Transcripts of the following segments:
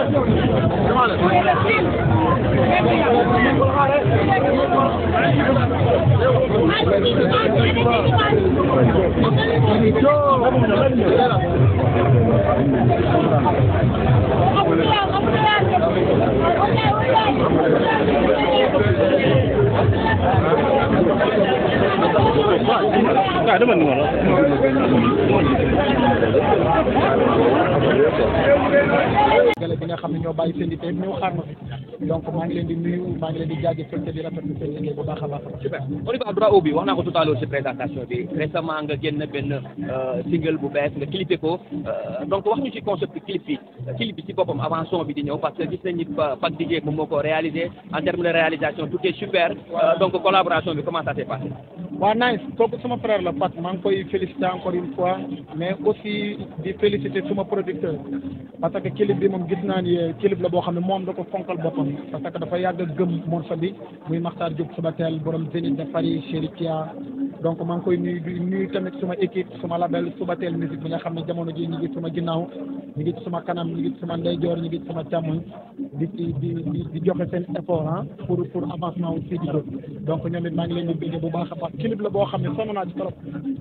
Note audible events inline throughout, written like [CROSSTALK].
Nah, ada mana? Mana? bi nga xam ne ñoo bàyyi seen i tey ñëw xaar ma fi donc maa ngi leen di nuyu maa ngi leen di jaajëfal te di rafetlu seen liggéey bu baax a baax. super on y va droit au but wax naa ko tout à l'heure ci présentation bi récemment nga génn benn euh, single bu bees nga clippé ko euh, donc wax ñu ci concept clip bi clip bi ci boppam avant son bi di ñëw parce que gis nañ ni Pape Digué moom moo ko réalisé en termes de réalisation tout est super euh, donc collaboration bi comment ça s'est passé. waaw nice kooku suma frère la Pat maa ngi koy féliciter encore une fois mais aussi di féliciter suma producteur parce que clip bi moom gis naa ni kilib euh, la boo xam ne moom da ko fonkal boppam parce que dafa yàgg a gëm morceau bi muy Makhtar Diop Subatel borom Zénith de Paris Chéri Kia donc maa ngi koy nuyu di nuyu tamit suma équipe suma label Subatel musique bi nga xam ne jamono ji ñu ngi suma ginnaaw ñu ngi suma kanam ñu ngi suma ndeyjoor ñu ngi suma càmmoñ di di di joxe seen effort ah pour pour avancement wu Sidy Diop donc ñoom it ngi leen di bëgg bu baax a baax clip la boo xam ne sonn naa ci trop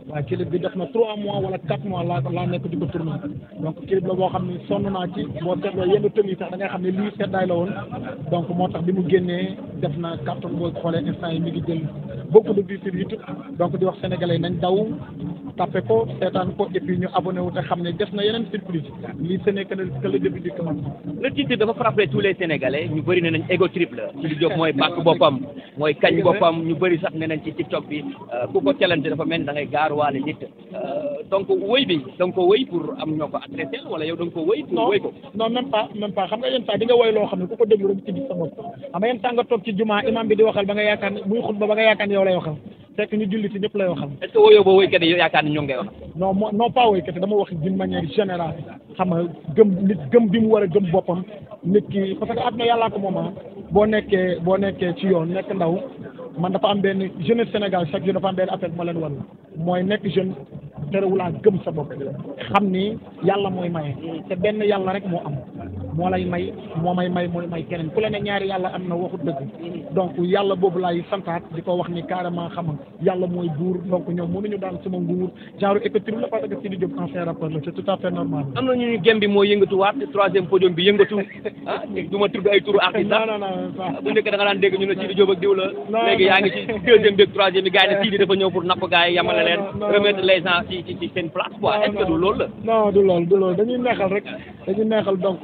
waaw clip def na trois mois wala quatre mois laa laa nekk di ko tourné donc clip la boo xam ne sonn naa ci boo seetloo yenn tëm yi tax da ngay xam ne lii seddaay la woon donc moo tax bi mu génnee def na carton boo xoolee instant yi mi ngi jël bokk na biir yi donc di wax sénégalais nañ daw tapé ko seetaan ko et puis ñu abonné wu xam ne des na yeneen surprise lii ce n'est que le début du commencement. le titre dafa frappé tous les ñu bari ne nañ égo trip la ci li jóg mooy bàkk boppam mooy kañ boppam ñu bari sax ne nañ ci tiktok bi euh, ku ko challenge dafa mel da ngay gaaruwaale nit. Euh, donc wëy bi da nga ko wëy pour am ñoo ko adressé wala yow da nga ko wëy pour wëy ko non même pas même pas xam nga yenn saa di nga woy fekk ñu julli ci ñëpp la waxal. est-ce que wóyoo ba woykat yi yaakaar ni ñoom ngay wax. non non non pas woykat yi dama wax d'une manière générale xam nga gëm nit gëm bi mu war a gëm boppam nit ki parce que àdduna yàllaa ko moom ah. boo nekkee boo nekkee ci yoon nekk ndaw man dafa am benn jeune Sénégal chaque jour dafa am benn appel bu ma leen wan mooy nekk jeune terewulaa gëm sa bopp xam ni yàlla mooy maye te benn yàlla rek moo am. moo lay may moo may may mooy may keneen ku la a ñaari yàlla am na waxut dëgg donc yàlla boobu laay santaat di ko wax ni carrément xam yàlla mooy buur donc ñoom mënuñu daan sama nguur genre écoutime la la c'est tout à fait normal. am na ñu gem bi ah, moo du ma tudd ay turu artiste non bu njëkk da daan dégg ñu ne Sidi Diop ak diw léegi yaa ngi ci deuxième bi ak troisième bi gars yi ne Sidi dafa ñëw pour napp gars yi yamale leen. remettre du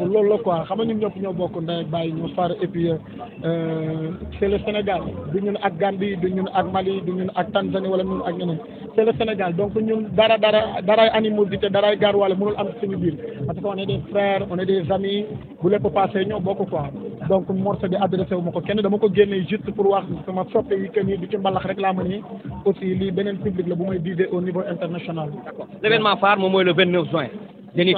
loolu du quoi xam nga ñun ñëpp ñoo bokk ndey ak bàyyi ñoo far et puis euh, c'est le Sénégal du ñun ak Gambie du ñun ak Mali du ñun ak Tanzanie wala ñun ak ñeneen c'est Sénégal donc ñun dara dara daray animosité daray garwaale mënul am suñu biir parce que on est des frères on est bu lépp passé ñoo bokk quoi donc morceau bi adressé ma ko kenn dama ko génne juste pour wax sama soppe yi que ni du ci mbalax rek laa ma ni aussi lii beneen public la bu may viser au niveau international. d'accord l'événement phare moom mooy le Zénith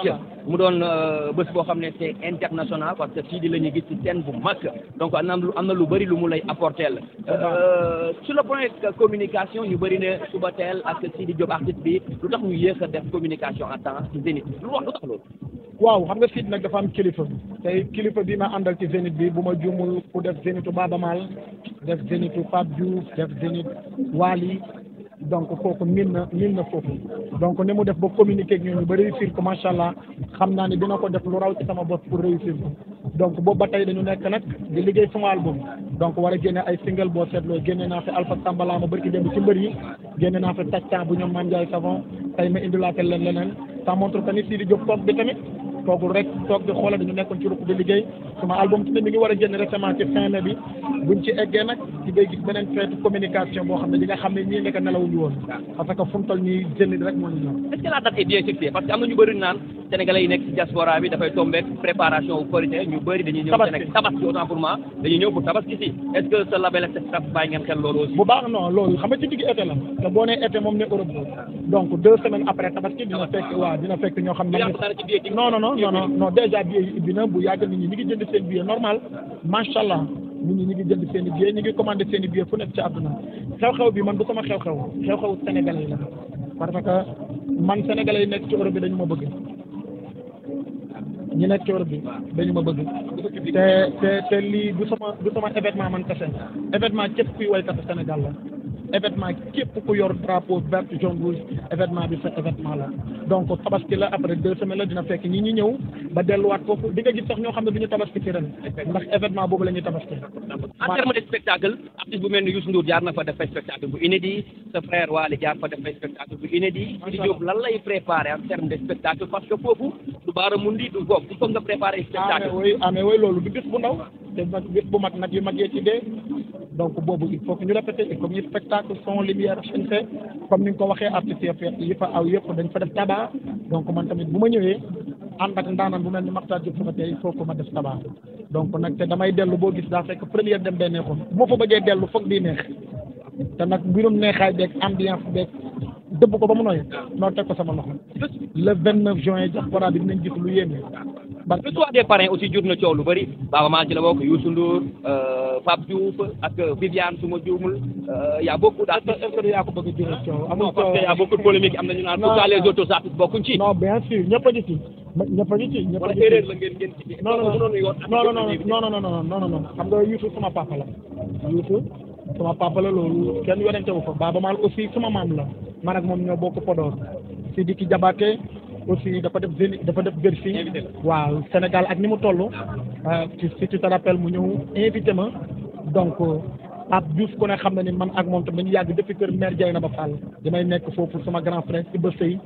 mu doon euh, bés boo xam ne c'est international parce que di la ñu gis ci scène bu mag donc am na am na lu bëri lu mu lay apporter euh, sur le point communication ñu bëri ne suba teel ak Sidy Diop artiste bi lu tax ñu yéex a def communication à temps ci Zénith lu wax lu tax loolu. waaw xam nga Sidy nag dafa am kilifa tey kilifa bi ma àndal ci Zénith bi bu ma juumul ku def Zénithu Baaba Maal def Zénithu Pape Diouf def Zénith Wally donc kooku miin na miin na foofu donc ni mu def ba communiquer ak ñooñu ba réussir ko macha allah xam naa ne dina ko def lu raw ci sama bopp pour réussir ko donc boobu ba tey dañu nekk nag di liggéey sama album donc war a génne ay single boo seetloo génne naa fi Alpha Sambala ma barki dem ci mbër yi génne naa fi Tacca bu ñoom Mandiaye Savon tey ma indilaate leen leneen ça montre que ni Sidi bi tamit toogul rek toog di xoolal dañu nekkoon ci ruq di liggéey sama album tamit mi ngi war a génn récemment ci fin bi buñ ci eggee nag ci beneen xeetu communication boo xam ne di nga xam ne ñii nekk nelawuñu woon parce que fu mu toll rek moo ñu ñor. est am na ñu bëri naan sénégalais yi nekk ci diaspora bi dafay tombeek préparation wu bëri dañuy ñëw Sénégal tabaski autant pour moi yi nekk man du sama xew man sénégalais yi nekk ci bëgg ñi nekk ci Europe bi dañu ma bëgg te te te lii du sama du sama événement man kese événement képp kuy waykatu Sénégal la événement képp ku yor drapeau vert jaune rouge événement bi sa événement la donc tabaski la après deux semaines la dina fekk ñi ñëw ba delluwaat foofu di gis sax ñoo xam ne du ñu tabaski ci ren ndax événement boobu la ñuy tabaski en terme de spectacle artiste bu mel ni Youssou Ndour jaar na fa def fay spectacle bu inédit sa frère Waly jaar fa def fay spectacle bu inédit di Diop lan lay préparer en terme de spectacle parce que foofu du baara mun di du donc boobu il faut que ñu répété il ñu spectacle son lumière chaîne comme ni nga ko waxee artistes yi fa aw yëpp dañ fa def tabac donc man tamit bu ma ñëwee ànd ak bu mel ni Makhtar Diop sama tey il faut que ma def tabac donc nag te damay dellu boo gis daa fekk première dem bee neexoon bu ma fa bëggee dellu foog di neex te nag mbirum neexaay beeg ambiance beeg dëbb ko ba mu noyyi noo teg ko sama loxo le 29 juin diaspora bi dinañ gis lu yéeme. lu bëri Pape Diouf ak Viviane su ma juumul euh, y' a beaucoup d' artistes. est ce que yaa ko bëgg a jëlee coow. amul parce que y' a beaucoup de polémique am na ñu naan pourquoi les autres artistes bokkuñ ci. non bien sûr ñëpp a ngi ci. ñëpp a ngi ci ñëpp a ngi ci wala erreur la ngeen ngeen ci. non non non non non non non non xam nga Youssou sama papa la. Youssou sama papa la loolu kenn yorente wu ko Baaba Maal aussi sama maam la man ak moom ñoo bokk Podor Sidiki Diabaté. aussi dafa def Zénith dafa def Bercy waaw Sénégal ak ni mu toll euh, si si tu te rappelles mu ñëw invité ma donc euh, Pape Diouf ku ne xam na ni man ak moom tam dañu yàgg depuis kër maire Dieynaba Fall damay nekk foofu sama grand frère Iba Sey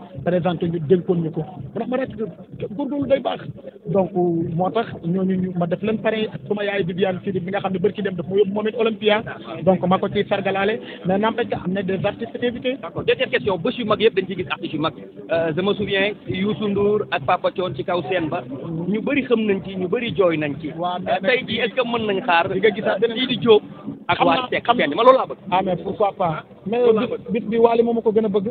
ko ndax ma tax ñooñu ñu ma def leen pare ak sama yaay xam ne bërki dem daf ma yóbbu moom yu mag yu mag euh, ak Papa Thione ci kaw seen ba mm-hmm. ñu bëri xam nañ ci ñu bëri jooy nañ ci. waaw euh, tey jii est-ce que mën nañ xaar. di nga gisaat beneen di Diop ak waa Seck benn ma loolu laa bëgg. ah mais bi Waly moom a ko gën a bëgg.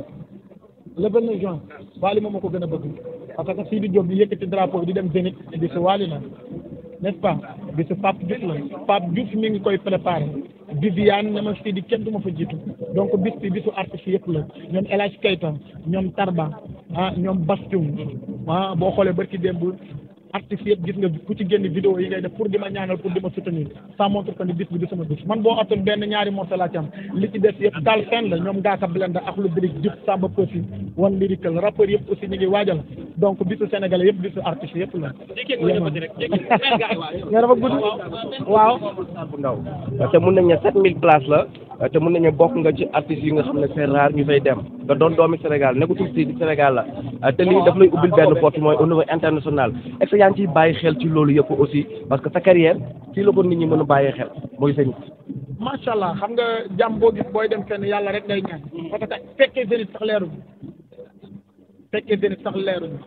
le 29 juin Waly moom a ko gën a bëgg parce que Sidi Diop di yëkkati drapeau bi di dem Zénith di si Waly la n'est-ce pas di si Pape Diouf la Pape Diouf mi ngi koy préparé. Viviane ne ma Sidi kenn du ma fa jiitu donc bis bi bisu artiste yëpp la ñoom El Hadj Keita ñoom Tarba ah ñoom Bastoum ah boo xoolee ki démb artistes yëpp gis nga ku ci génn vidéo yi ngay def pour di ma ñaanal pour di ma soutenir ça montre que ni bis bi du sama bis man boo attoon benn ñaari morceau li ci des yëpp daal seen la ñoom Ngaaka Blinde ak lu birig Diouf Samba Peuzzi ngi waajal donc bisu sénégalais yëpp bisu artistes yëpp la. nga [LAUGHS] dafa gudd waaw. te mun nañu ne 7000 places la te mun nañu bokk nga ci artistes yi nga xam ne c'est rare ñu fay dem nga doon doomi Sénégal nekkatul fii di Sénégal la te lii daf lay ubbil benn porte mooy yaa ngi ciy bàyyi xel ci loolu yëpp aussi parce que sa carrière fii la ko nit ñi mën a bàyyee xel mooy Zénith. macha allah xam nga jàmm boo gis booy dem fenn yàlla rek ngay ñaan. Mm. parce que fekkee Zénith sax leeruñu fekkee Zénith sax leeruñu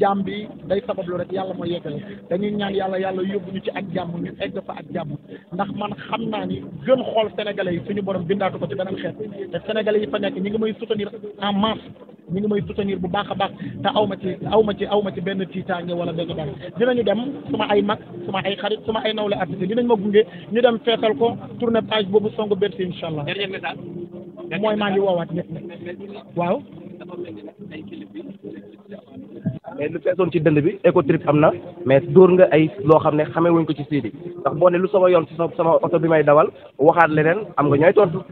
jàmm bi day sabablu rek yàlla mooy yeggale dañuy ñaan yàlla yàlla yóbbu ñu ci ak jàmm ñu egg fa ak jàmm ndax man xam naa ni gën xool sénégalais yi suñu borom bindaatu ko ci beneen xeet te sénégalais yi fa nekk ñi ngi may soutenir en masse. mi ngi may soutenir bu baax a baax te aw ma ci aw ma ci aw ma ci benn tiitaange wala benn dara dinañu dem suma ay mag suma ay xarit suma ay nawle artiste dinañ ma gunge ñu dem feetal ko tourner page boobu songu Bercy incha allah mooy maa ngi woowaat ñëpp waaw. mais lu feesoon ci dënd bi écotrip am na mais dóor nga ay loo xam ne xamee wuñ ko ci Sidy ndax boo ne lu sama yoon ci sama oto bi may dawal waxaat leneen am nga ñooy tontu.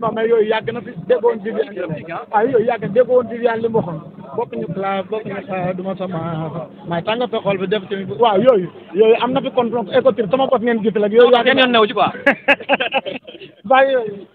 non mais yooyu yàgg na fi déggoon Viviane ah yooyu yàgg na déggoon Viviane li mu waxoon bokk ñu classe bokk ñu sa du ma sama may tànga sa xol bi def tamit waaw yooyu yooyu am na fi kon donc écotir sama bos ngeen gis la yooyu yàgg na new ci quoi [LAUGHS] bàyyi yooyu